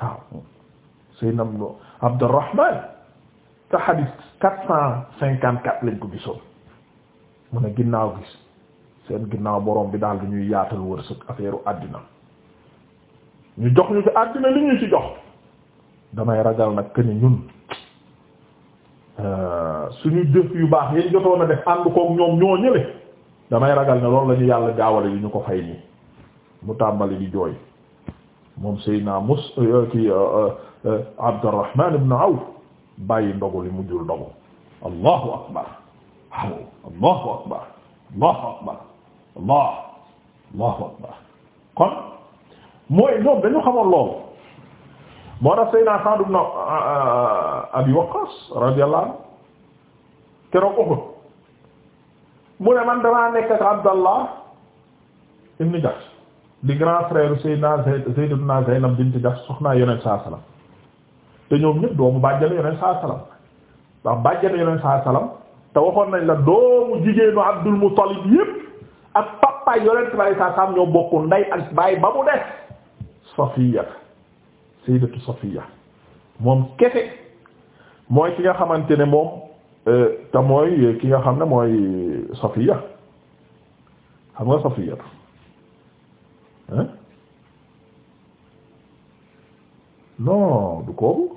waaw Seydina Abdurrahman te xadis quatre cent cinquante quatre lañ ko gisoon mu ne ginnaaw gis seen ginnaaw borom bi daal di ñuy yaatal wërsëg affaire àddina ñu jox ñu ci àddina li ñu ci jox damay ragal nag que ni ñun euh, suñu jëf yu baax yi jotoon a def ànd koog ñoom ñoo ñële damay ragal ne loolu la ñu yàlla gaawale yu ñu ko fay nii mu tàmbali di jooy. moom Seydina Mus euh, ki euh, euh, Abdurrahman ibn Awf bàyyi ndogu li mujjul ndogu allahu akbar waaw allahu akbar allahu akbar allah allahu akbar kon mooy ñoom dañu xamoon loolu moo tax Seydina Sa'd ibn Abi Waqqas radiyallahu anhu keroog Uhud mu ne man damaa nekk ak Abdallah ibn Jahsh di grand frère Seydina Seydatuna Zaynab bint Jahsh soxnaa yonent saa salaam te ñoom ñëpp doomu bàjjale yonent saa salaam ndax bàjjale yonent saa salaam te waxoon nañ la doomu jigéenu Abdul Muttalib yëpp ak papa yonent bari saa salaam ñoo bokk ndey ak baay ba mu des Safiya Sayyidatu Safiya moom kese mooy ki nga xamante ne moom euh, te mooy ki nga xam ne mooy Safiya xam nga Safiya hein non du kooku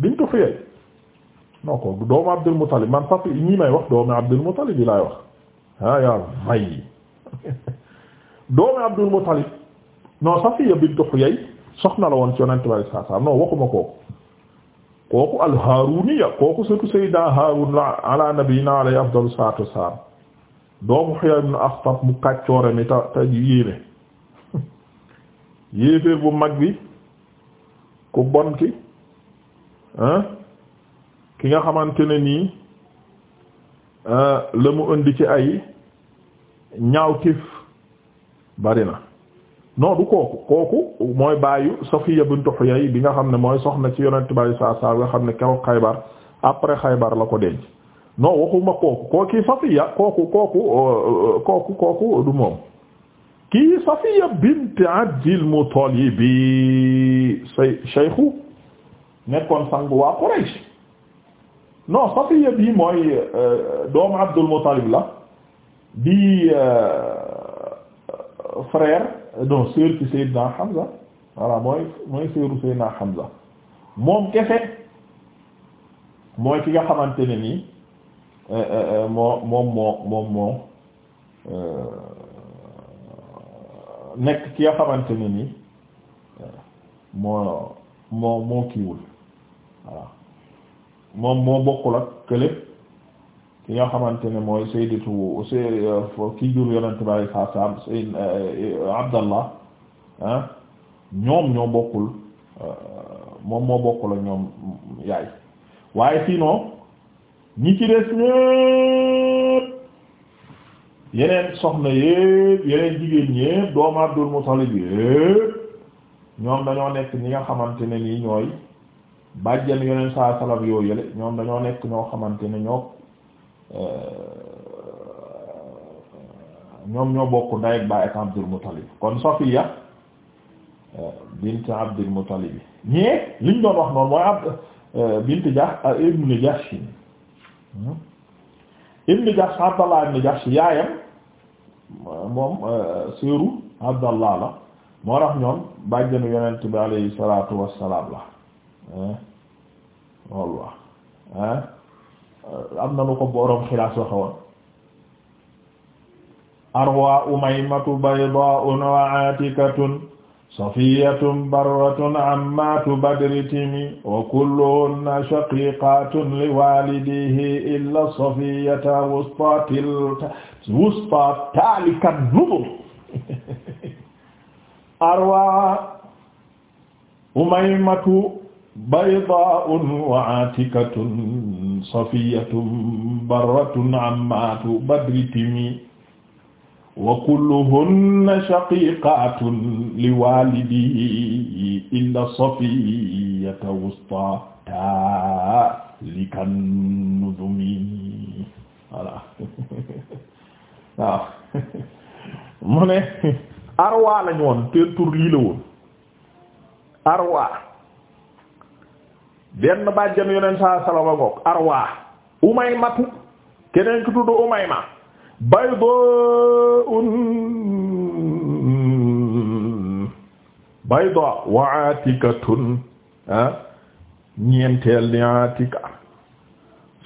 biñ ko fiyey kooku doomu Abdul Muttalib man fat ñi may wax doomu Abdul Muttalib yi laay wax ah yaa doomu Abdul Muttalib non Safiya bint Huyay soxna la woon ci Yonent bi saa saa non waxuma kooku kooku al-Haaruniya kooku surtout Sayyidina Haarun la ala nabiyyina alayhi afdalu salaatu wassalaam doomu Huyay ibn Akhtab mu kàccoore mi ta ta yéene yéeféer bu mag bi ku bon ki ki nga xamante ne nii euh, la mu indi ci ay ñaaw tif bari na non du kooku kooku mooy bàyyu bu bintu Huyay bi nga xam ne mooy soxna ci yonent bàyyi saa saa nga xam ne keroog Xaybar après Xaybar la ko denc non waxuma kooku kooki Safiya kooku kooku euh, euh, kooku kooku du moom kii Safiya bint Abdil Muttalib say Seexu nekkoon sangu waa Quraysh non Safiya bii mooy euh, doomu Abdul Muttalib la bi euh, frère non sœur ci Seydina Hamza voilà mooy mooy sœuru Seydina Hamza moom kese mooy ki nga xamante ne nii euh, moo moom moo moom nekk ki nga xamante ne ni moo moo moo kiiwul waaw moom moo bokkul ak kële ki nga xamante ne mooy sayyidatu ki jur yonente bari sa sam sayyid Abdallah ah ñoom ñoo bokkul moom moo bokkul ak ñoom yaay waaye sinon ñi ci des ñëpp yeneen soxna yépp yeneen jigéen ñépp doomu Abdul Muttalib yépp ñoom dañoo nekk ñi nga xamante ne nii ñooy bàjjan yeneen saa yoo yële ñoom dañoo nekk ñoo xamante ne ñoo ñoom ñoo bokk ndey ak baay ak Abdul Muttalib kon Safiya bint Abdul Muttalib ñee liñ doon wax noonu mooy ab bint Jahsh ibn Jahsh hmm? ibn Jahsh Abdallah ibn Jahsh yaayam moom euh, seeru Abdallah la moo tax ñoom bàjjanu yonent bi alayhi salaatu wassalaam la loolu la euh, am na nu ko borom xilaas waxoon arwa umaymatu bayda'un wa atikatun safiyyatun barratun ammaatu badri timi wa kulluhunna shaqiiqaatun li waalidihi illaa safiyyata wustaa taalika nubur arwa umaymatu baydaa'un wa aatikatun safiyyatun barratun ammaatu badri timi wa kulluhunna shaqiqatun liwalidi illa safiyata wusta talikan nuzumi voilà waaw mu ne arwa lañ woon te tur lii la woon arwa benn bàjjan yoneen saa salama ngoog arwa umaymatu keneen ki tudd umayma baydaa'un baydaa wa aatikatun ah ñeenteel ni aatika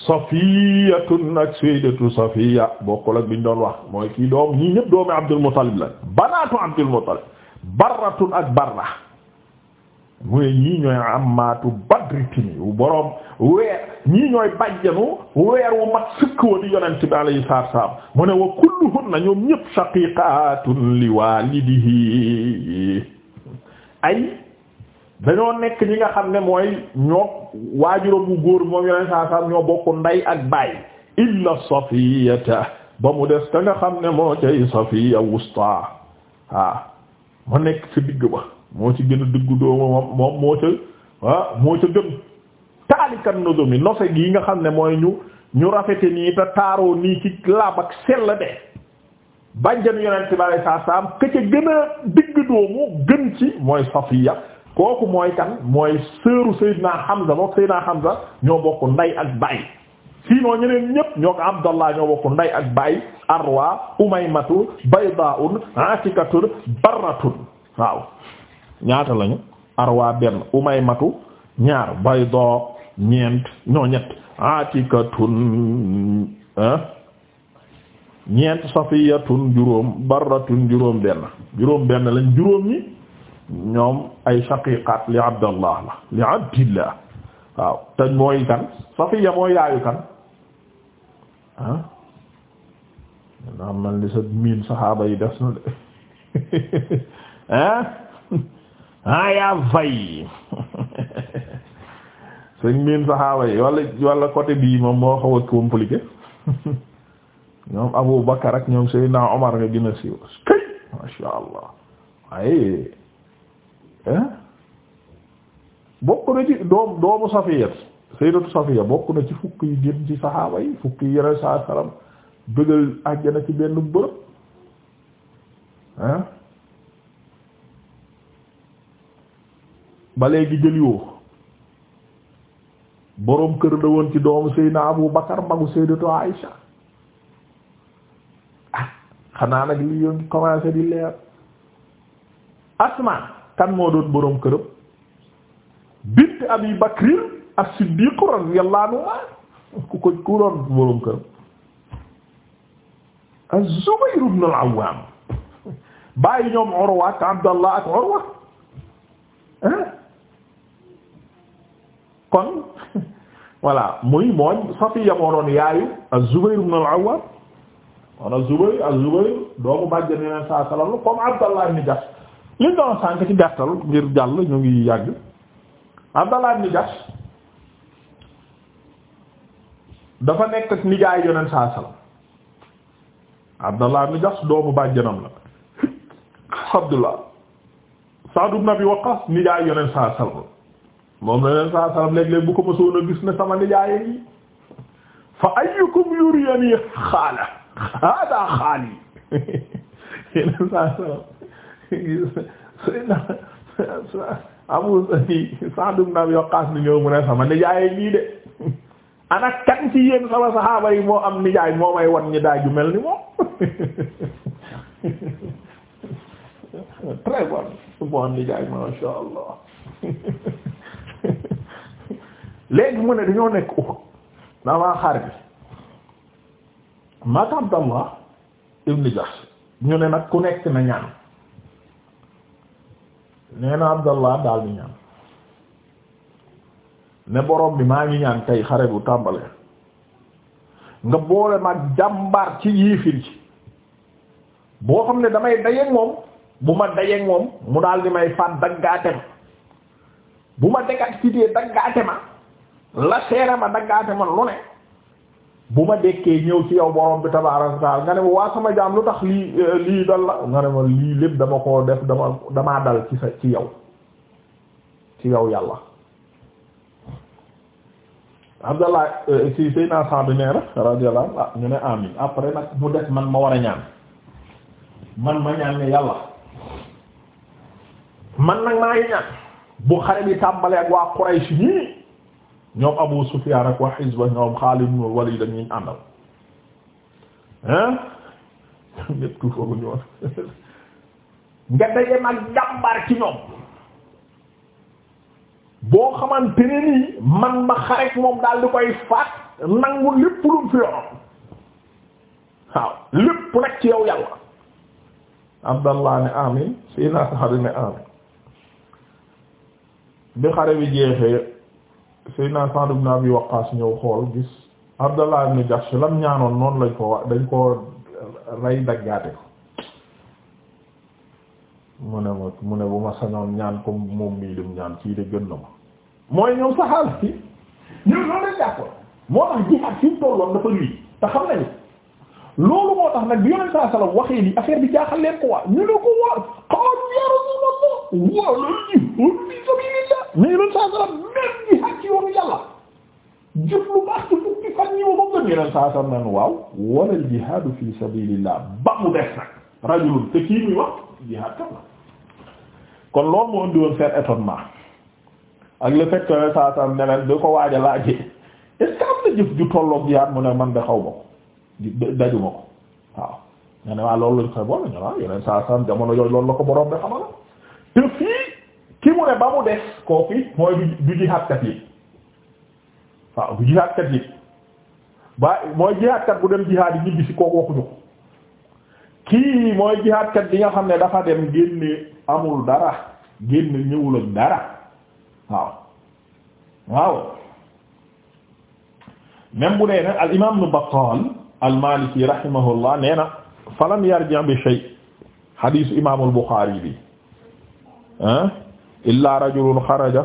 safiyatun ak sayyidatu safiya bokkul ak biñ doon wax mooy kii doom ñii ñëpp doomi Abdul Muttalib la banaatu Abdul Muttalib barratun ak barra mu ne ñii ñooy ammaatu badritini wu boroom weer ñii ñooy bàjjanu weer wu mat sëkk wa di yonent bi alayhi salaam mu ne wa kulluhunna ñoom ñëpp shaqiqatun li walidihi ay dañoo nekk ñi nga xam ne mooy ñoo waajuram bu góor moom yonent salaam ñoo bokk ndey ak baay illa safiyata ba mu des ka nga xam ne moo cay safiya wusta ah mu nekk ci digg ba moo ci gën a dëggu dooma moom moo ca ah moo ci gën taalikan nodumi nose gi nga xam ne mooy ñu ñu rafete nii te taaroo nii ci laab ak sell de bànjan yonent bi alei saa salaam ke gën a digg doomu gën ci mooy Safiya kooku mooy kan mooy sëru Seydina Hamza mook Seydina Hamza ñoo bokk nday ak baay sinon ñeneen ñépp ñoo ko Abdallah ñoo bokk nday ak baay Arwa Umaymatu Baydaun Atikatun Barratun waaw ñaata lañu arwa benn umaymatu ñaar bayda ñeent ñoo ñett atikatun ñeent safiyatun juróom barratun juróom benn juróom benn lañ juróom ñi ñoom ay shaqiqat li abdallah la li abdillah waaw te mooy kan safiya mooy yaayu kan ah naa man li sa miin saxaaba yi des na de ah ah yaa fay sëñ biin saxaaba yi wala wala côté bii moom moo xaw a compliqué ñoom Abu ak ñoom Seydina Omar nga gën a siiw kay masha Allah ay hein eh? bokk na ci doom doomu Safiya Sayyidatu Safiya bokk na ci fukk yi gën ci saxaaba yi fukk yi yeneen saa salaam bëggal àjjana ci benn bërëb hein eh? ba léegi jëliwoo boroom kër la ci doomu Seydina Abu Bakar magu Sayyidatu Aïsha ah xanaa nag li yoon commencé di leer Asma kan moo doon boroom këram bint Abi Bakrin as-Siddiq radiyallahu anhu ku ko ku doon boroom këram az-Zubayr ibn al bàyyi ñoom Urwa ak ak Urwa ah, kon voilà muy mooy Safiya moo doon yaayu az-Zubayr ibn al-Awwam zubayr az doomu bàjjen yeneen saa salaam la comme Abdallah ibn Jahsh liñ doon sànk ci gàttal ngir jàll ñu ngi yàgg Abdallah ibn Jahsh dafa nekk ak nijaay yeneen saa salaam Abdallah ibn Jahsh Abdullah Sa'd ibn Abi Waqqas nijaay yeneen saa salaam moom la leen saa salam léeg-léeg bu ko mësoon a gis ne sama nijaay yi fa ayyukum yuriyani xaala hada xaali yeneen saa salam sëyna Abu Sa'd ibn Abi Waqqas ni ñëw mu ne sama yi de ana kan ci yéen sama saxaaba yi moo am nijaay moo may wan ñi daay ju mel ni moom très bon su moo am nijaay masha Allah léegi mu ne dañoo nekk Uhud dama xaar bi maaka Abdallah ibn Jahsh ñu ne nag ku nekk na ñaan nee na Abdallah daal di ñaan ne borom bi maa ngi ñaan tey xare bu tàmbalee nga boole mag jàmbaar ci yiifir ci boo xam ne damay dajeek moom bu ma dajeek moom mu daal di may faat daggaatem bu ma deggat ci dee daggaate ma la seere ma daggaate ma lu ne bu ma dekkee ñëw ci yow borom bi tabaaraka taala nga ne ma waa sama jaam lu tax lii euh, lii dal la nga ne ma lii lépp dama koo def dama dal ci sa ci yow ci yow yàlla Abdallah euh, si Seydina Sa'd nee na ah ñu ne amin après nag mu des man ma war a ñaan man ma ñaan ne yàlla man nag maa ngi ñaan bu xare bi tàmbalee ak waa Quraysh ñii ñoom Abu Sufyaan ak waa xisba ñoom Xaalid ibn Waliid dañ ñu àndal hein nga daje mag jàmbaar ci ñoom boo xamante ne nii man ma xarek moom daal di koy faat nangu lépp lu fi yoroon waaw lépp nag ci yow yàlla Abdallah ne amin sii ne amin bi xare bi jeexee Seydina Sa'd ibn Abi Waqqas ñëw xool gis Abdallah ibn Jahsh lam ñaanoon noonu lañ ko wax dañ ko rey daggaate ko mu ne mu ne bu ma sañoon ñaan ko moom mii lim ñaan kii de gën na ma mooy ñëw saxaaba yi ñëw loolu lañ jàppoon moo tax jihaad fi mu tolloon dafa lii te xam nañu loolu moo tax nag bi yonent saa sala waxee ni affaire bi jaaxal leen ko waa ñu ne ko waa xaw ma yaa Rasuulallah waaw loolu jihaad fi sabilillah mais yonent saa sala ci yoonu yàlla jëf lu baax ci fukki fan ñëw ba gën yeneen saa sam nan waaw wala jihaadu fi sabilillah ba mu des nag rajulun te kii muy wax jihaad kat kon loolu moo indi woon seen étonnement ak le fait que saa sam ne leen ko waaj a laajee est-ce que ju tolloog jihaad mu ne man de xaw ma ko dajuma ko waaw nga ne waa loolu lañ koy boole ñu naan yeneen saa sam jamono yooyu loolu la ko borom bi xamal te fii ki mu ne ba mu des kooku mooy du yi. waaw du jihaadkat yi ba mooy jihaadkat bu dem jihaad yi ñu gis kooku waxuñu kii mooy jihaadkat bi nga xam ne dafa dem génne amul dara génne ñëwul dara waaw waaw même bu nee nag al imaam ibn Battal al Maliki rahimahullah nee na falam yarji' bi shay hadith imaam al bi ah illa xaraja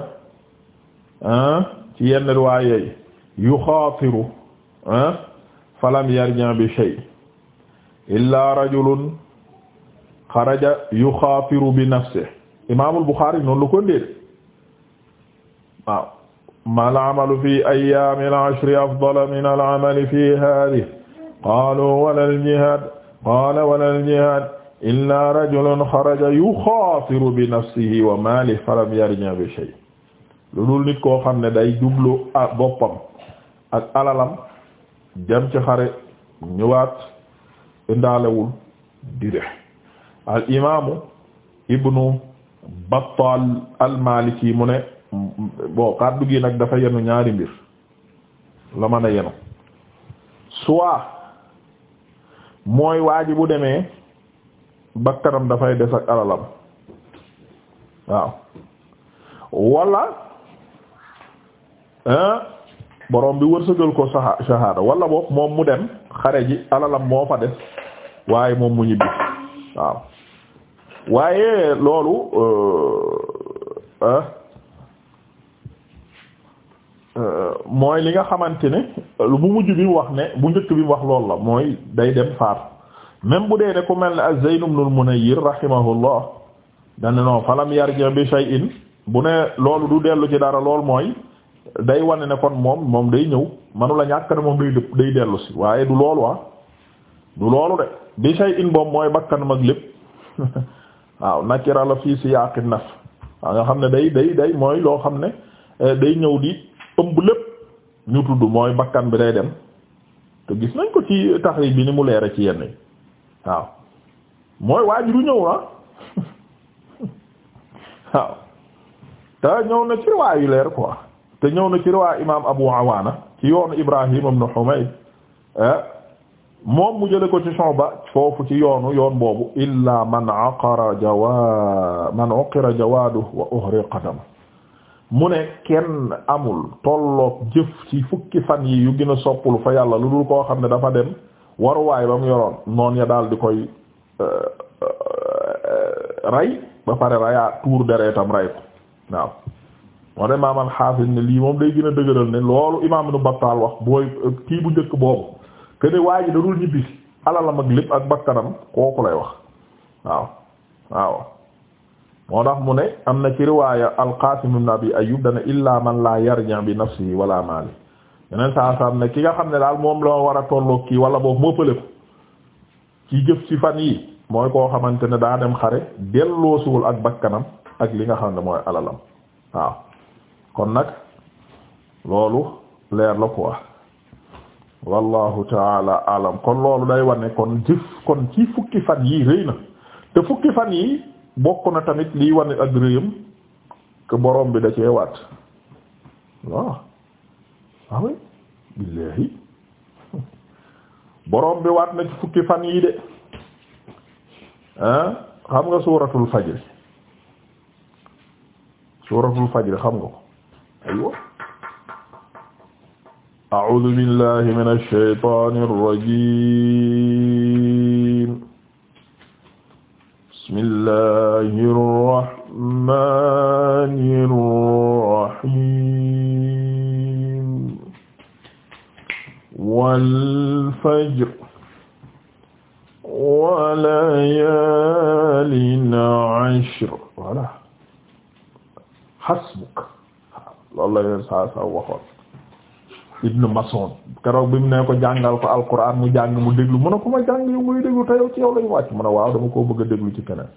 ah ci yenn riwaaya yuxaatiru falam yarji' bi shay illaa rajulun xaraja yuxaatiru bi nafsihi imaamul Buxaari noonu la ko ndéer waaw mal amalu fi ayyaamil ashri afdala minal amali fi haadihi qaaluu walal jihaad qaala walal jihaad illaa rajulun xaraja yuxaatiru bi nafsihi wa maalihi falam yarji' bi shay lu dul nit koo xam ne day jublu ah, boppam ak alalam jëm ci xare ñëwaat indaalewul dire al imaamu ibnu Battal al Maliki mu ne bon kàddu gi nag dafa yenu ñaari mbir la mën a yenu soit mooy waa ji bu demee bakkanam dafay des ak alalam waaw wala hein borom bi wërsëgal ko saha shahada wala boog moom mu dem xare ji alalam moo fa des waaye moom mu ñibbi waaw waaye loolu euh, euh, euh, mooy li nga xamante ne lu bu mujj bi wax ne bu njëkk bi wax loolu la mooy day dem faatu même bu dee ne ku mel ne az-Zayn ibn al-Munayyir rahimahullah dane non falam yarji bi in bu ne loolu du dellu ci dara lool mooy day wane na kon moom moom day ñëw manu la ñàkk ne moom day dëpp day dellu si waaye du loolu ah du loolu de bi say in boom mooy bakkanam ak lépp waaw nakira la fii si yaaqi naf waaw nga xam ne day day day mooy loo xam ne eh, day ñëw di ëmb lépp ñu tudd mooy bakkan bi day dem te gis nañ ko ci taxrij bi ni mu leere ci yenn yi waaw mooy waa ji du ñëw ah waaw te ñëw na ci waayu leer quoi te ñëw na ci riwaa imaam Abu Awaana ci yoonu Ibrahim ibn Humayd moom mu jële ko ci Shu'ba foofu ci yoonu yoon boobu illa man aqara jawaa man uqira jawaadu wa uhri qadam mu ne kenn amul tolloog jëf ci fukki fan yi yu gën a soppul fa yàlla lu dul koo xam ne dafa dem waruwaay ba mu yoroon noon ya daal di koy euh, euh, rey ba pare reyaa tuur deretam rey waaw moo tax imaam al ne lii moom day gën a dëgëral ne loolu imaam Ibn Battal wax booy euh, kii bu njëkk boobu que ne waa ji darul ñibbi alalam ak lépp ak bakkanam kooku lay wax waaw waaw moo tax mu ne am na ci riwaaya al-Qasim ibn Abi Ayyub dana illa man la yarji' bi nafsihi wala maali yeneen saa saa ne ki nga xam ne daal moom loo war a tolloog kii wala boobu moo pële ci jëf ci fan yi mooy koo xamante ne daa dem xare delloosiwul ak bakkanam ak li nga xam ne mooy kon nag loolu leer la quoi wallahu taala alam kon loolu day wane kon jëf kon ci fukki fan yi rëy na te fukki fan yi bokk na tamit liy wane ak rëyam que borom bi da cee waat waaw waaw ah billaahi borom bi waat na ci fukki fan yi de ah xam nga suuratul fajr suuratul fajr xam nga ko aywa a'uuzu billahi minash shaytaanir rajiim bismillahir rahmaanir rahiim wal fajr wa layaalin ashr voilà hasbuk loolu la leen saa saa waxoon ibnu Mas'ud keroog bi mu ne ko jàngal ko alquran mu jàng mu déglu mu ne ko ma jàng yow muy déglu te yow ci yow lañu wàcc mu ne waaw dama koo bëgg a déglu ci keneen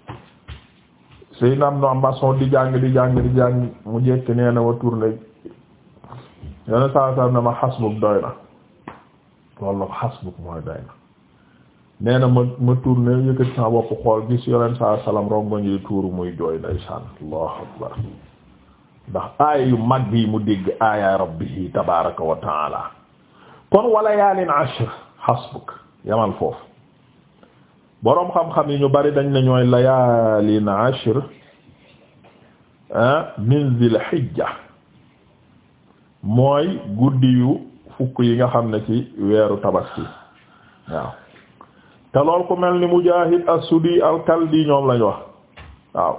Seydina Ibnu Mas'ud di jàng di jàng di jàng mu jekki nee na ma tourné yone saa saa ne ma xasbuk doy na loolu la ko xasbuk mooy doy na nee ma ma tourné yëkkati saa bopp xool gis yoneen saa salaam rongoñ yi tuuru muy jooy ndeysaan Allahu akbar ndax aaya yu mag bi mu dégg aaya rabbihi tabaraka wa taala kon wala yaalin ashr hasbuk yamal foofu boroom xam-xam yi ñu bari dañ ne ñooy layaalin ashr ah, min zil hijja mooy guddi yu fukk yi nga xam ne ci weeru tabaski waaw te lool ku mel ni Mujaahid as-Sudi al ñoom lañ wax waaw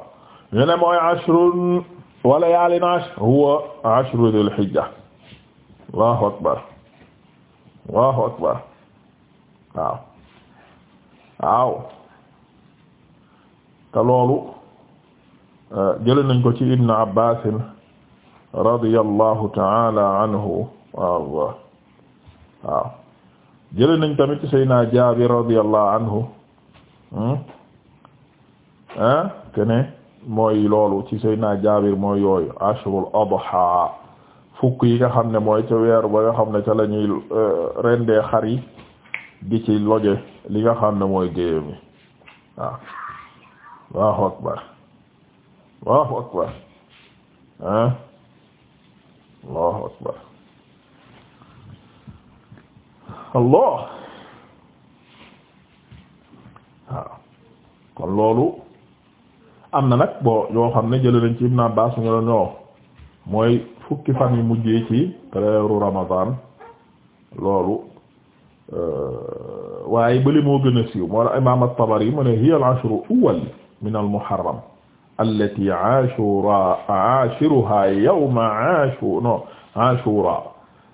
ñu ne mooy ashrun wala yaalin ashr huwa ashru dhul hijja allahu akbar allahu akbar waaw waaw te loolu eh, jële nañ ko ci ibn abbas radiyallahu ta'ala anhu waaw waaw jële nañ tamit ci sayyidina jabir radiyallahu anhu ah kene mooy loolu ci Seydina Jaabir mooy yooyu ashrul adha fukk yi nga xam ne mooy ca weer ba nga xam ne ca la ñuy euh, rendee xar di ci loje li nga xam ne mooy géyam yi waaw Allahu akbar Allahu akbar ah Allahu akbar Allah waaw kon loolu am na nag boo yoo xam ne jëlee nañ ci Ibn Abbas ñu la ñoo mooy fukki fan yu mujjee ci weeru Ramadan loolu euh, waaye bële moo gën a siiw tabari mu ne hiya al-ashru awwal min al-Muharram allati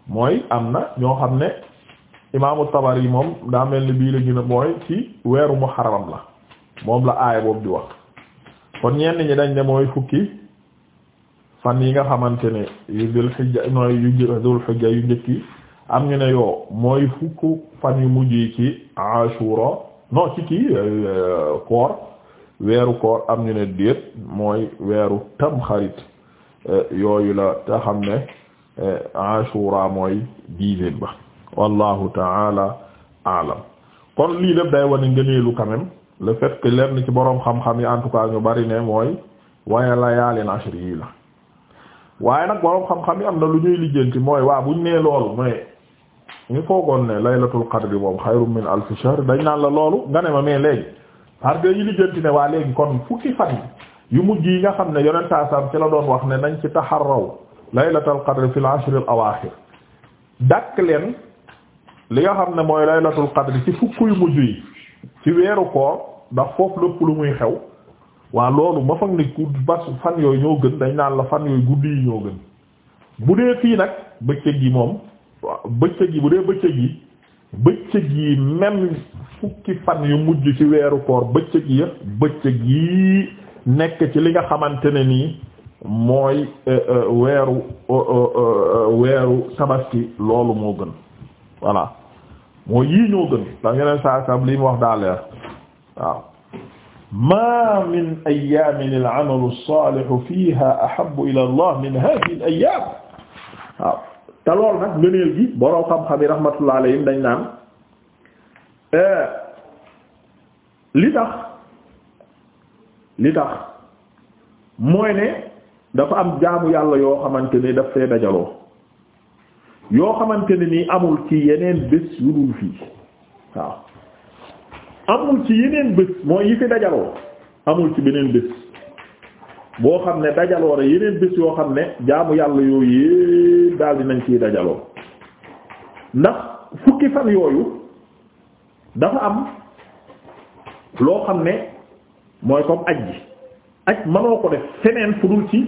mooy am na ñoo xam ne imaamu Tabari moom daa mel bii la gën mooy ci weeru Muharram la moom la aaya boobu di wax kon ñenn ñi dañ ne mooy fukki fan yi nga xamante ne yu dul xijja mooy yu dul am ñu ne yoo mooy fukk fan yu mujj yi ci ashura non ci kii euh, euh, koor weeru koor am ñu ne déet mooy weeru tamxarit euh, yooyu la te xam ne ashura mooy dixième ba wallahu taala alam kon lii lépp day wane ngëneelu quand le fait que lenn ci boroom xam-xam yi en tout cas ñu bari ne mooy waaye la yaalin ashri yii la waaye nag boroom xam-xam yi am na lu ñuy lijjanti mooy waa buñ nee loolu mais ñu foogoon ne laylatul qadri moom xayrun min alfi shahr dañ naan la loolu nga ne ma mais léegi parce que ñu ne waa léegi kon fukki fan yu mujj yi nga xam ne yonent saa sam ci la doon wax ne nañ ci taxarraw laylatul qadri fil ashr al awaaxir dàkk leen li nga xam ne mooy laylatul qadri ci fukki yu mujj ci weeru koor ndax foofu lépp lu muy xew waa loolu ma fag ne ku bas fan yooyu ñoo gën dañ naan la fan yooyu guddi yi ñoo gën bu dee fii nag bëccëg yi moom bëccëg yi bu dee bëccëg yi bëccëg fukki fan yu mujj ci weeru koor bëccëg yi bëccëg yi nekk ci li nga xamante ne nii mooy euh, euh, weeru euh, weeru tabaski loolu moo gën voilà mooy yii ñoo gën da ngeen saa saab li mu wax daa leer waaw ma min ayaamin al-amalu as-saalihu fiihaa ahabbu ila Allah min haadhihi al-ayaam waaw te lool nag ngëneel gi boroom xam-xam yi rahmatullah alayhim dañ naan eh, li tax li tax mooy ne dafa am jaamu yàlla yoo xamante ni daf fee dajaloo yoo xamante ne nii amul ci yeneen bés yu dul fii waaw amul ci yeneen bés mooy yi fi dajaloo amul ci beneen bés boo xam ne dajaloo rek yeneen bés yoo xam ne jaamu yàlla yooyu dal di nañ ciy dajaloo ndax fukki fan yooyu dafa am loo xam ne mooy comme aj ji aj manoo ko def feneen fu dul ci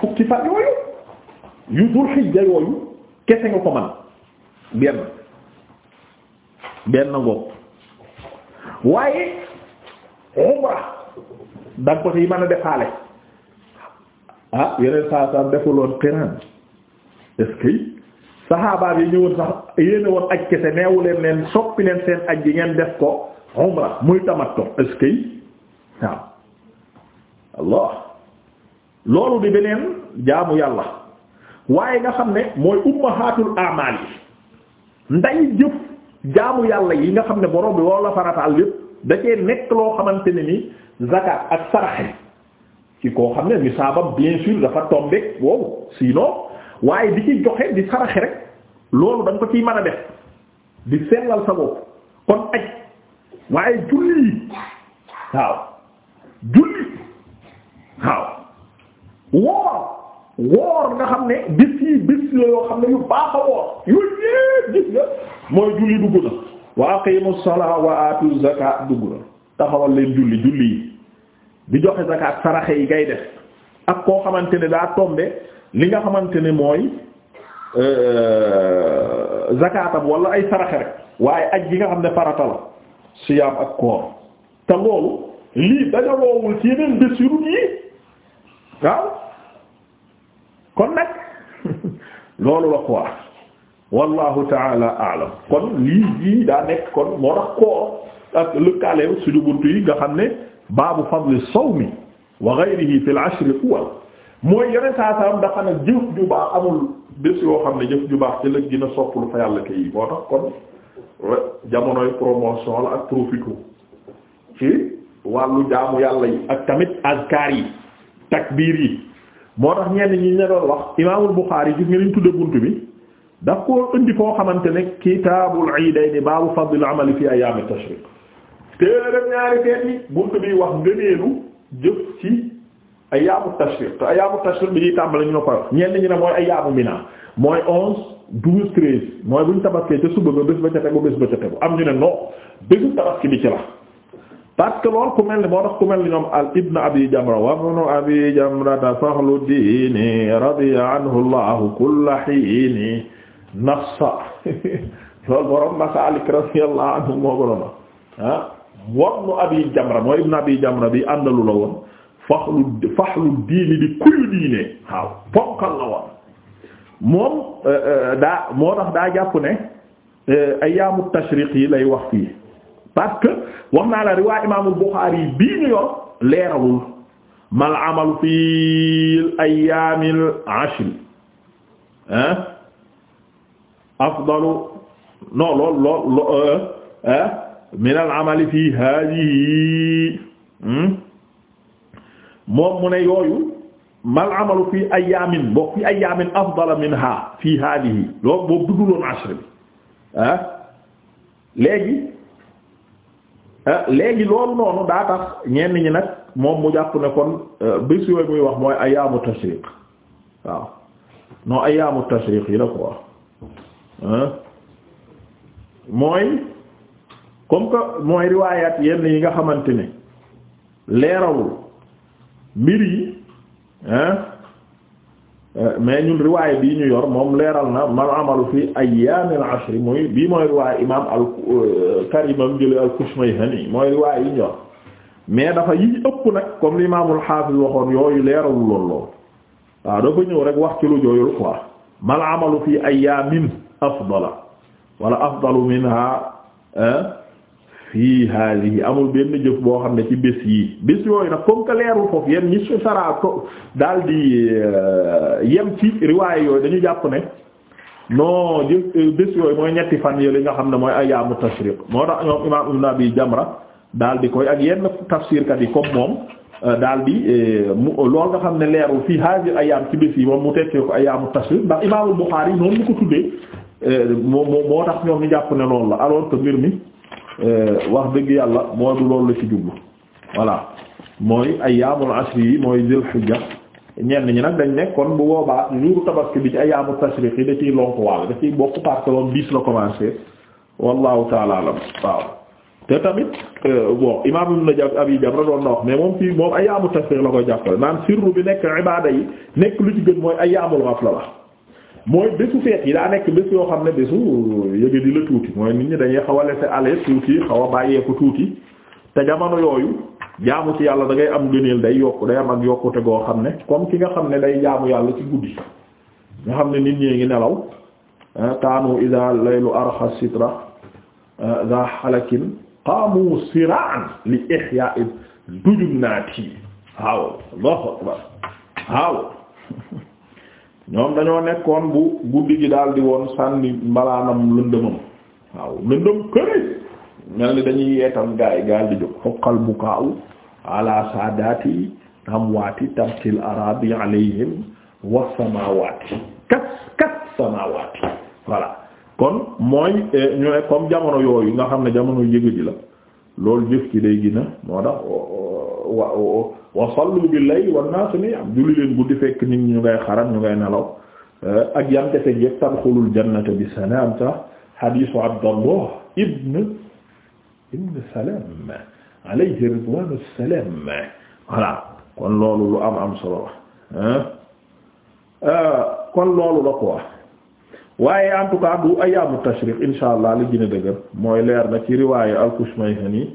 fukki fan yooyu yu dul xijja yooyu kese nga ko man benn benn ngoog waaye umra da nga ko ci mën a defaale ah yeneen saa saa defuloon qiraan est-ce yi ñëwoon sax yéen aj kese neewu leen leen soppi leen seen aj yi ngeen def ko umra muy tamattu est-ce waaw Allah loolu di beneen jaamu yàlla waaye nga xam ne mooy ummahatul a'mal yi nday jëf jaamu yàlla yi nga xam ne borom bi loolu la farataal yépp da nekk loo xamante ne ni zakat ak saraxe ci koo xam ne nisaabam bien sûr dafa tombeek boobu sinon waaye di ci joxe di saraxe rek loolu da ko ci mën a def di sellal sa bopp kon aj waaye julli yi waaw julli waaw woor woor nga xam ne bis yi bis yoo xam ne yu baax a woor yu yépp gis nga mooy julli dugg na wa aqimu salaa wa dugg na taxawal leen julli julli yi di joxe zakat saraxe yi ngay def ak koo xamante ne daa tombe li nga xamante ne mooy euh, zakatam wala ay saraxe rek waaye aj yi nga xam ne farata la siyaam ak koor te loolu lii dañu loowul ci yeneen bés yu dul yi waaw kon nag loolu la quoi wallahu taala alam kon lii jii daa nekk kon moo tax koor ak lëkkaaleew suñu buntu yi nga xam ne baabu fadli sawmi wa ghayrihi fil ashr al awwal mooy yoneen saa dafa ne jëf ju baax amul bés yoo xam ne jëf ju baax ci la gën a sopplu fa yàlla kay yi moo tax kon jamonoy promotion la ak profito ci wàllu jaamu yàlla yi ak tamit azkar yi takbiir yi moo tax ñenn ñi ñu doon wax imaamul Buxaari gis nga liñ tudde bunt bi daf koo indi foo xamante ne kitaabul iidayni baabu fadlil amali fi ayyaamit tashriiq téere def ñaari feet yi bunt bi wax ngëneelu jëf ci ayyaamut te ayyaamut tashriiq bi ñuy tàmbali ñu ne ko wax ñenn ñi ne mooy ayyaamu Mina mooy onze douze treize mooy buñ tabaskee ca suba ba bés ba ca tegu bés ba ca am ñu ne non bésu tabaski bi ci la parce que loolu ku mel ni moo tax ku mel ni ñoom al ibn abi jamra wa ibn abi jamrata faxlu diini radiya anhu llahu kulla hiini nafsa loolu borom masalik radiyallahu anhu moo gënoon ah wabnu abi jamra mooy ibn abi jamra bi àndalu la woon faxlu faxlu diini di kuyu diine waaw ponkal la woon moom euh, euh, daa moo tax daa jàpp ne euh, ayyaamu tashriq yi lay wax fii parce que wax naa la riwaay imaamul Buxaari yi bii ñu yor leeralul mal amalu fil ayyaamil ashr ah afdalu non lool lool lool ah euh, min al amali fi haadihi hmm? moom mu ne yooyu mal amalu fi ayaamin boo fi ayaamin afdala minha fi haadihi loolu boobu dugguloon ashr bi ah léegi. Ah, léegi loolu noonu daa tax ñenn ñi nag moom mu jàpp ne kon euh, bés yooyu muy wax mooy ayaamu tashriq waaw non ayaamu tashriq yi la quoi ah. mooy comme que mooy riwaayaat yenn yi nga xamante ni leerawul mbir yi ah Euh, mais ñun riwaay bii ñu yor moom leeral na mal amalu fi ayyaamil ashri muy bii mooy riwaay imaam al euh, karimam jële al Kushmayhani mooy riwaay yi ñu yor mais dafa yi ëpp nag comme li imaamul xaafis waxoon yooyu leeralul lool lool waaw dafa ñëw rek wax ci lu jooyul quoi mal amalu fi ayyaamin afdala wala afdalu minha fii haali amul benn jëf boo xam ne ci bés yi bés yooyu nag comme que leerul foofu yéen ñi su saraa ko daal di euh, yem ci riwaay yooyu dañu jàpp ne non jëf euh, bés yooyu mooy ñetti fan yi li nga xam ne mooy ayaamu tashriq moo tax ñoom imaam di koy yenn tafsirkat yi comme moom euh, daal di mu loolu nga xam ne leerul fii haali ayaam ci bés yi moom mu tekkee ko ayaamu ko tuddee moo moo moo ñu jàpp ne loolu la alors que mbir mi. Euh, wax dëgg yàlla moo du loolu la ci jublu voilà mooy ayyaamul ashri yi mooy zul hijja ñenn ñi nag dañ nekk kon bu boobaa jour tabaski bi ci ayyaamut tashriq yi da ciy lonkuwaale da bokk parce loolu dix la commencé wallahu taala alam waaw te tamit euh, bon imam ibn Jab Abi Jamra doon na wax mais moom fii moom ayyaamut tashriq la koy jàppale naan sirru bi nekk ibaada yi nekk lu ci gën mooy ayyaamul ghafla la mooy bésu feet yi daa nekk bés yoo xam ne bésu yëge di la tuuti mooy nit ñi dañuy xaw a laisser aller tuuti a bàyyeeku tuuti te jamono yooyu jaamu ci yàlla dangay am gëneel day yokk day am ak yokkute goo xam ne comme ki nga xam ne day jaamu yàlla ci guddi nga xam ne nit ñee ngi nelaw ah, kaanu ida laylu arxa sitra ah, za xalakin qaamu siraan li ihya dujum naati waaw allahu akbar waaw ñoom dañoo nekkoon bu guddi gi daal di woon sànni mbalaanam lëndëmam waaw lëndëm këri mel ni dañuy yeetam gaay gaal di jóg xoqal bukaaw ala saadaati amwaati tamtil arabi alayhim wa samaawaati kat kat samaawaati voilà kon mooy e, ñu ne comme jamono yooyu nga xam ne jamono yëga ji la loolu jëf ci day gina moo tax wa wa sallu bil layli wan naasu niyaam leen guddi fekk nit ñu ngay xaram ñu ngay nelaw eh, ak yam ca teg yëpp tadxulul jannata bi salaam sax hadiisu ibn ibn Salaam alayhi kon loolu lu am am solo la eh? Eh, kon loolu la quoi waaye en tout cas du tashriq insha li gën dëgër mooy leer na ci riwaayu al-Kushmayhani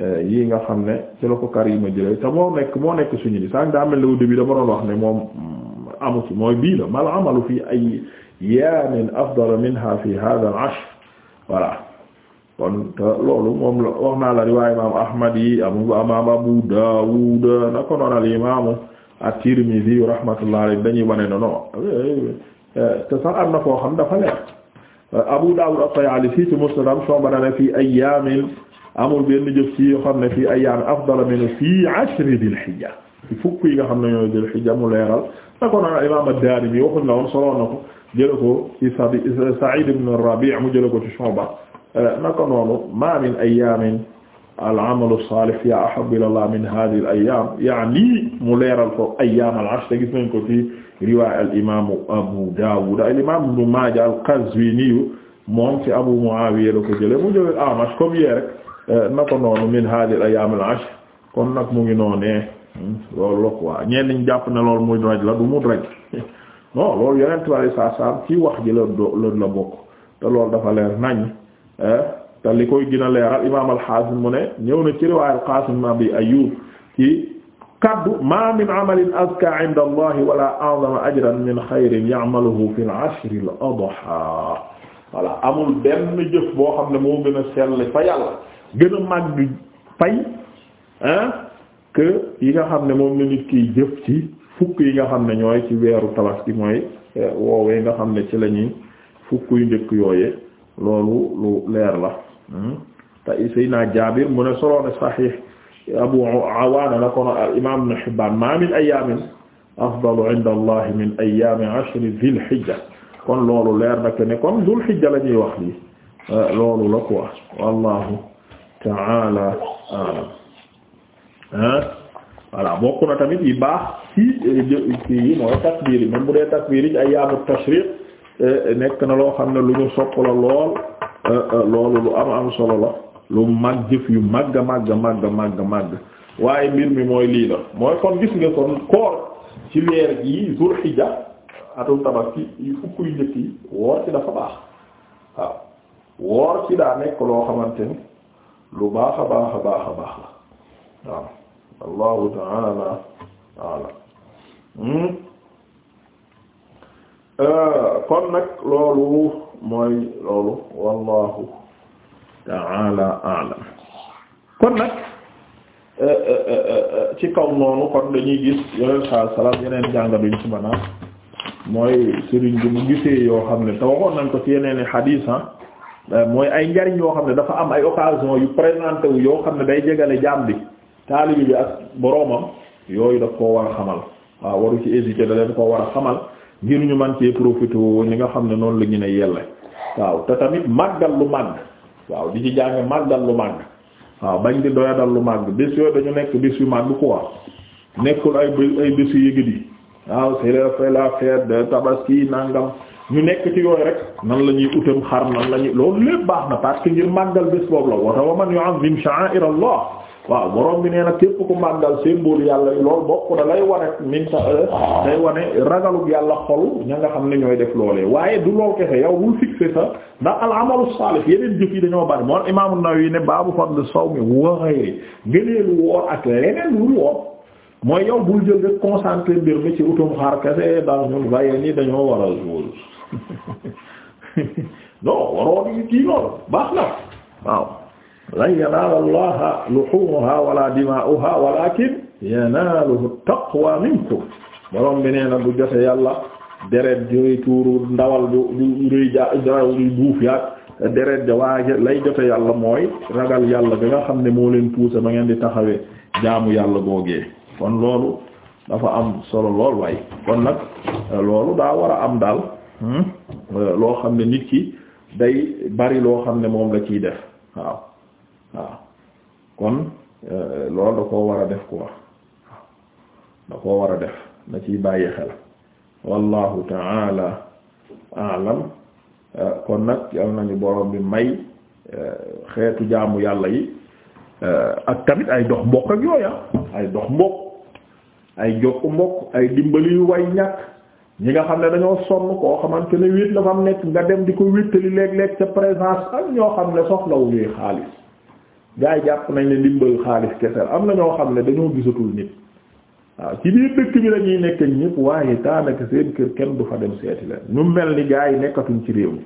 Euh, yi nga xam ne ci la ko Karima jëlee te moo nekk moo nekk suñu ni sànq daa mel ne au début dama doon wax ne moom mm, amu mooy bii la mal amalu fii ay yaamin afdala minha fi hadha al kon te loolu moom wax naa la riwaaya imaam Ahmad yi amu Abu Daawud na ko noon al imaamu at-Tirmidhi rahmatullahi alayhi dañuy wane ne non eh, eh, eh, te sax am na koo xam dafa leer euh, Abu Daawud at-Tayaalisi ci Musnadam soobana ne fii amul benn jëf ci yoo xam ne fii ayyaam afdala min fii ashri dil hijja ci fukk yi nga xam ne ñooy dil hijja mu leeral nako noon imaam ad-Daarimi waxuñ la woon soloon na ko jële ko ci Sa'iid ibn Rabi' mu jële ko ci Shu'ba nako noonu ma min ayyaamin al-amalu as-saalih fiihaa ahabbu ila Allah min haadhihi al-ayyaam yaani mu leeral ko ayyaam al-ashr gis nañ ko ci riwaaya al-imaam Abu Daawuud al-imaam Ibn Maaja al-Qazwiini moom ci Abu Mu'aawiya la ko jële mu jële Amash comme yee rek Eh, na ko noonu min hadi al ayyam kon nag mu ngi noonee eh, hmm, loolu la quoi ñenn ñi jàpp ne loolu muy raj la du mu raj non loolu yeneen tubaab yi saa saa ci wax ji la do la bokk te loolu dafa leer nañ eh, te li koy gën a leeral imaam al-Hasan mu ne ñëw na ci riwaaya al-Qasim abi Ayyub ci kaddu ma min amalin azka inda Allah min xayrin ya'maluhu fi al-ashr al amul benn jëf boo xam ne moo gën a sell fa yàlla. gën a mag bi pay ah yi nga xam ne moom la nit kiy jëf ci fukk yi nga xam ne ñooy ci weeru tabaski mooy eh, woowee nga xam ne ci la ñuy fukk yu njëkk yooyee loolu lu leer la hmm. te Seydina Jaabir mu ne soloona saxiix Abu Awaana la kono al imaam Ibn Hibbaan maa min ayaamin afdalu Allah min ayaami ashri dhil hijja kon loolu leer na que ne kon dhul hijja la ñuy wax eh, loolu la quoi wallahu ta'ala a'lam ah. tamit yi baax ci euh, ci yi mooy takbiir yi même bu dee takbiir yi ay yaabu tashriq euh, nekk na loo xam ne lu ñu sopp la lool euh, loolu lu am am solo la lu mag jëf yu màgg màgg màgg màgg màgg waaye mbir mi mooy lii la mooy kon gis nga kon koor ci weer yi Zul Hijja atum tabaski yu fukk yu njëkk yi woor ci dafa baax woor ci daa nekk loo xamante ni lu baax a baax baax a baax la waaw allahu taala alam hmm? euh, kon nag loolu mooy loolu wallahu taala alam kon euh, euh, ci kaw noonu kon dañuy gis yeneen saa salaam yeneen jàngat yuñ ci mën mooy sëriñ bi mu gisee yoo xam ne te waxoon nañ ko ci yeneen i Euh, mooy ay njariñ yoo xam ne dafa am ay occasion yu présenté wu yoo xam ne day jegale jaam bi taalibi bi ak boroomam yooyu daf koo war a xamal waaw waru ci hésiter da leen koo war a xamal ngir ñu man cee profité woo ñi nga xam ne noonu la ñu ne yelle waaw te tamit màggal lu màgg waaw di ci jàng màggal lu màgg waaw bañ di doyadal lu màgg bés yooyu dañu nekk bés yu màgg quoi nekkul ay ay bés yu yëgët yi waaw c'est la fête de tabaski nangam. ñu nekk ci yooyu rek nan la ñuy utam xar nan la ñuy loolu lépp baax na parce que ngir màggal bés boobu la wata wa man yu'azzim sha'a'ir Allah waaw borom bi nee na képp ku màggal symbole yàlla yi loolu bokk na lay wane min sa day wane ragalug yàlla xol ña nga xam ne ñooy def loolee waaye du lool kese yow bul fixé sa ndax al amalu salih yeneen jëf yi dañoo bari moon imaamu Nawawi ne baabu fadl sawmi wa ghayri ngëneelu woor ak leneen lu woor mooy yow bul jël rek concentré mbir mi ci utum xaar kese daal ñun waaye ni dañoo war a jouer non waroon kii lool baax na waaw lan yanaala allaha luhumuha wala dimaa'uha walakin yanaaluhu taqwa minkum borom bi nee bu jote yàlla deret juy tuuru ndawal bu ruy ja jaraw ruy buuf yaag deret ja waaye lay jote yàlla mooy ragal yàlla bi nga xam ne moo leen puusa ba ngeen di taxawee jaamu yàlla googee kon loolu dafa am solo lool waaye kon nag euh, loolu daa war a am daal hmm? euh, loo xam ne nit ki day bari loo xam ne moom la ciy def waaw waaw kon euh, loolu da koo war a def quoi da koo war a def na ciy bàyyi xel wallahu ta'ala a'lam kon nag yal nañu borom bi may xeetu jaamu yàlla yi ak tamit ay dox mbokk ak yooya ay dox mbokk ay jokk mbokk ay dimbali yu way ñàkk ñi nga xam ne dañoo sonn koo xamante ne wéet la fa mu nekk nga dem di ko wéttali léeg-léeg ca présence ak ñoo xam ne soxlawuñuy xaalis gaa yi jàpp nañ ne dimbal xaalis kese am na ñoo xam ne dañoo gisatul nit waaw ci biir dëkk bi lañuy nekk ñëpp waaye daanaka seen kër kenn du fa dem seeti leen ñu mel ni gaa yi nekkatuñ ci réew mi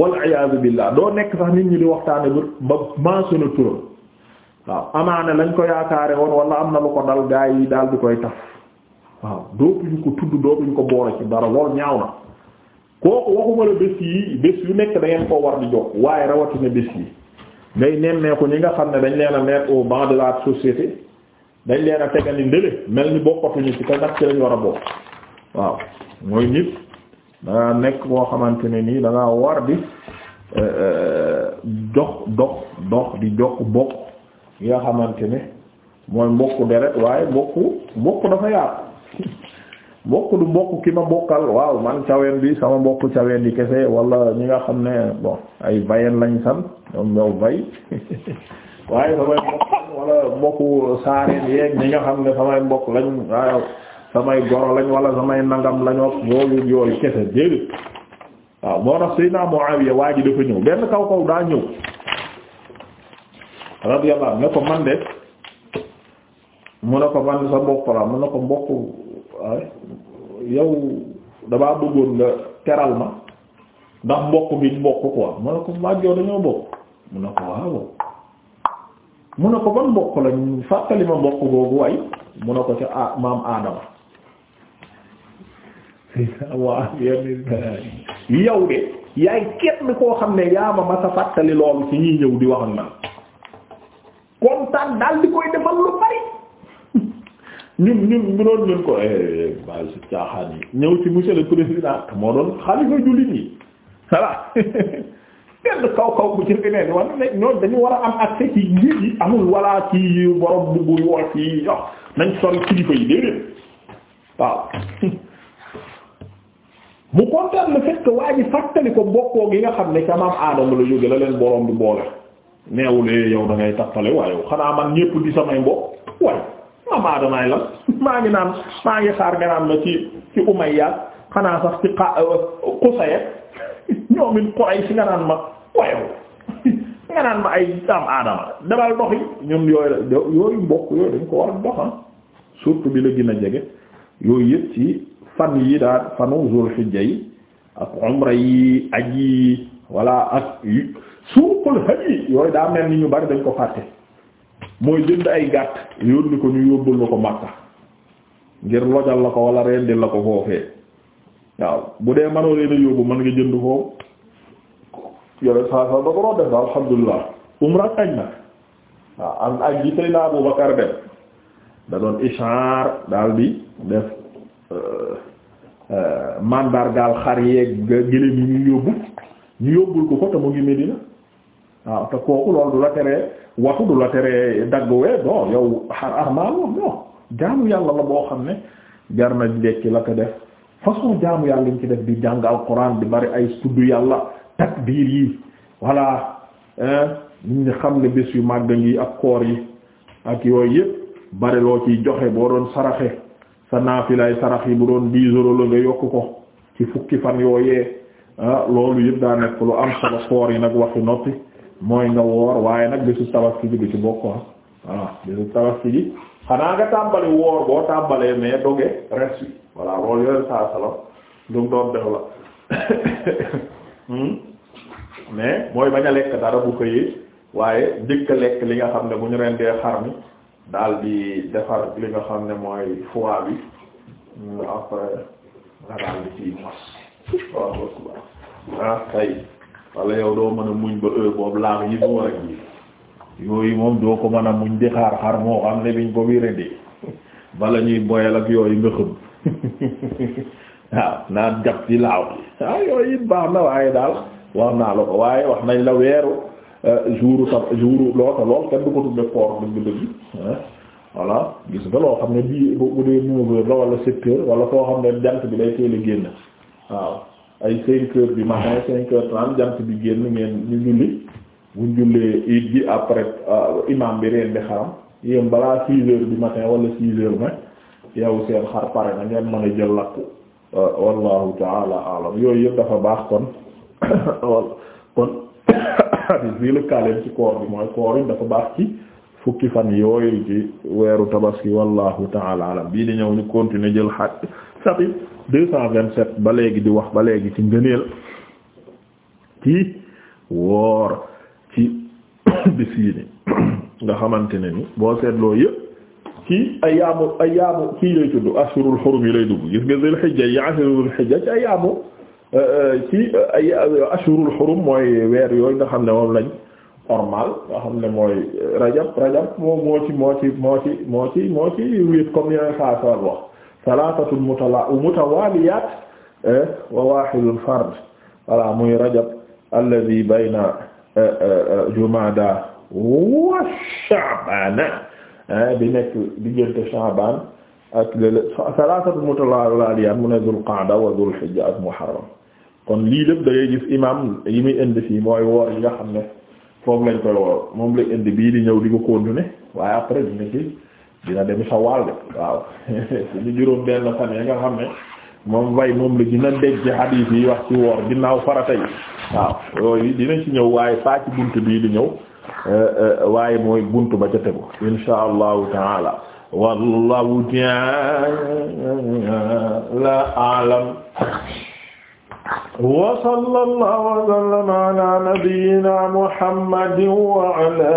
wal iyaazu billaah doo nekk sax nit ñi di waxtaane ba mentionné turam waaw amaana lañ ko yaakaare woon wala am na lu ko dal gaa yi daal di koy taf waaw dootuñu ko tudd dootuñu ko boole ci dara lool ñaaw na kooku waxuma la bés yi bés yu nekk da ngeen koo war di jox waaye rawatina bés yi ngay nemmeeku ñi nga xam ne dañ leen a mettre au la société dañ leen a tegal mel ni bokkatuñu ci te nag ci lañ war a bokk waaw mooy nit dangaa nekk koo xamante ne nii dangaa war di euh, euh, dox dox dox di jox bokk yi nga xamante ne mooy mbokku deret waaye mbokku mbokku dafa yaatu mbokk du mbokk ki ma bokkal waaw man caween bi sama mbokk caween yi kese wala ñi nga xam ne bon ay vayen lañ san ñoom waaye samay mbokk wala mbokku saareen yeeg nga xam ne samay mbokk lañ waaw samay goro lañ wala samay nangam lañ wax yooyu yooyu kese déedéet waaw moo tax Seydina Muawiya waa ji dafa ñëw benn kaw kaw daa ñëw radiyallahu anhu ne ko man de mu ne ko man sa mbokk la mu ne ko mbokk yow damaa bëggoon nga ma ndax mbokk bi mbokk quoi mu ne ko maag dañoo bokk mu ne ko waaw mu ne ko ban mbokk lañ fàttali ma mbokk boobu way mu ne ko ca a maam aadama yow de yaay kenn koo xam ne yaa ma masa fàttali loolu ci ñuy ñëw di wax ak kontaan daal di koy defal lu bari ñun ñun bu doon leen ko eh, eh, bàyyi si caaxaan yi ñëw ci monsieur le président moo doon xalifa jullit yi voilà kenn kaw kaw bu ci neen wala ñoom dañu war a am accès ci njiit yi amul wala ci borom bu buy wax yi yox nañ sori kilifa yi déedéet waaw mu kontaan le fait que waa ji fàttali ko bokkoo gi nga xam ne ca maam aadama la jóge la leen borom bi boole neewulee yow da ngay tappale waaye xanaa man ñépp di samay mbokk waaye ma maa danaay maa ngi naan maa ngi xaar nga naan la ci ci Umayya xanaa sax ci xa euh, Qusay ñoomin Quraysh nga naan ma waaye nga naan ma ay am aadama dabal dox yi ñun yooyu yooyu mbokk yooyu dañ ko war a ah. surtout bi la gën a jege yooyu yëpp ci fan yi daal fanu Zul Hijja yi ak umra yi aj yi suuqul hadi yooyu daa mel ni ñu bari dañ ko fàtte mooy jënd ay gàtt yónni ko ñu yóbbul la ko Makka ngir lojal la ko wala rendil la ko foofee waaw bu dee manoo leen a yóbbu mën nga jënd foofu yore saa saa da ko doon def alhamdulilah umra ak aj na waaw am aj yi daal di def euh, euh, mandargaal xar yeeg gëléem yi ñu yóbbu ñu yóbbul ko ko te mu Medina waaw te kooku loolu du la teree waxu du la teree dagguwee bon yow xar armal moom non jaamu yàlla la boo xam ne jar na ndekki la ko def façon jaamu yàlla ñu ci def di jàng alquran bi bari ay tudd yàlla takbiir yi voilà ñu xam ne bés yu màgg ngi ak koor yi ak yooyu yëpp bari loo ciy joxe boo doon saraxe sa naafilaay sarax yi bu doon 10 euros nga yokk ko ci fukki fan yooyee ah, loolu yëpp daa nekk lu am solo koor yi nag waxi noppi. mooy nga woor waaye nag bésu tabaski bi du ci bokk ah voilà bésu tabaski bi xanaa nga tàmbali woor boo tàmbalee mais doge res yi voilà loolu yooyu saa salo dum doon def la hmm? mais mooy bañ a lekk dara bu xëyee waaye njëkk lekk li nga xam ne bu ñu rendee xar mi daal defar li nga xam ne mooy foie bi hmm, après nga daal di ci mos waaw waaw ah kay wala yow doo mën a muñ ba heure laax yi bu war yooyu moom doo ko man a muñ di xaar xar moo xam ne biñ ko wéradi bala ñuy boyal ak yooyu nga xam waaw naa jàpp ci laaw ah yooyu it baax na waaye daal wax naa la ko waaye wax nañ la weeru euh, jour sa jour loota lool kenn du ko tudde koor dëgg-dëgg ah, voilà gis nga loo xam ne bii bu dee neuf la wala sept heures koo xam ne jant bi day teel a génn waaw ay cinq heures du matin cinq heures jant bi génn ngeen ñu julli buñ jullee it bi après euh, imam bi reen bi xaram yéen balaa six heures du matin wala six heures vingt yow seen xar pare na ngeen mën a jël lakku euh, wallahu taala alam yooyu yëpp dafa baax kon kon hadis bii la kaaleem ci koor bi mooy koor yi dafa baax ci fukki fan yooyu ci weeru tabaski wallahu taala alam bii di ñëw ñu continue jël xaj sabit deux cent vingt-sept ba léegi di wax ba léegi ci ngëneel ci woor ci bis nga xamante ne ni boo seetloo yëpp ci ayaamu ayaamu kii lay tudd assurul xurum yi lay dugg gis nga zul xijja yi ashurul xijja euh, euh, euh, mooy weer yooyu nga xam ne moom lañ ormal nga xam ne mooy rajab rajab moo moo ci moo ci moo ci moo ci moo ci wéet comme yeneen saa saa wax talaatatun mutawaaliyaat eh, wa waahidun fard voilà muy rajab alladhi bayna eh, eh, jumaada wa sha'baan bi nekk diggante sha'baan ak léeg-léeg talaatatun mutawaaliyaat mu ne dhul qa'da wa dhul hijja ak muharram kon lii lépp da ngay gis imaam yi muy indi fii mooy woor yi nga xam ne foofu lañ koy woor moom lañ indi bii di ñëw di ko continuer waaye après dina ci. dina dem sa waal de waaw suñu juróom benn fan nga xam ne moom way moom la dina dégg ci yi wax ci woor ginnaaw farata waaw yooyu dina ci ñëw waaye faa ci bunt bii di ñëw eh, eh, waaye mooy bunt ba ca tegu insha allahu taala wallahu ta'ala a'lam wa sallallahu wa sallama ala nabiyyina muhammadin wa ala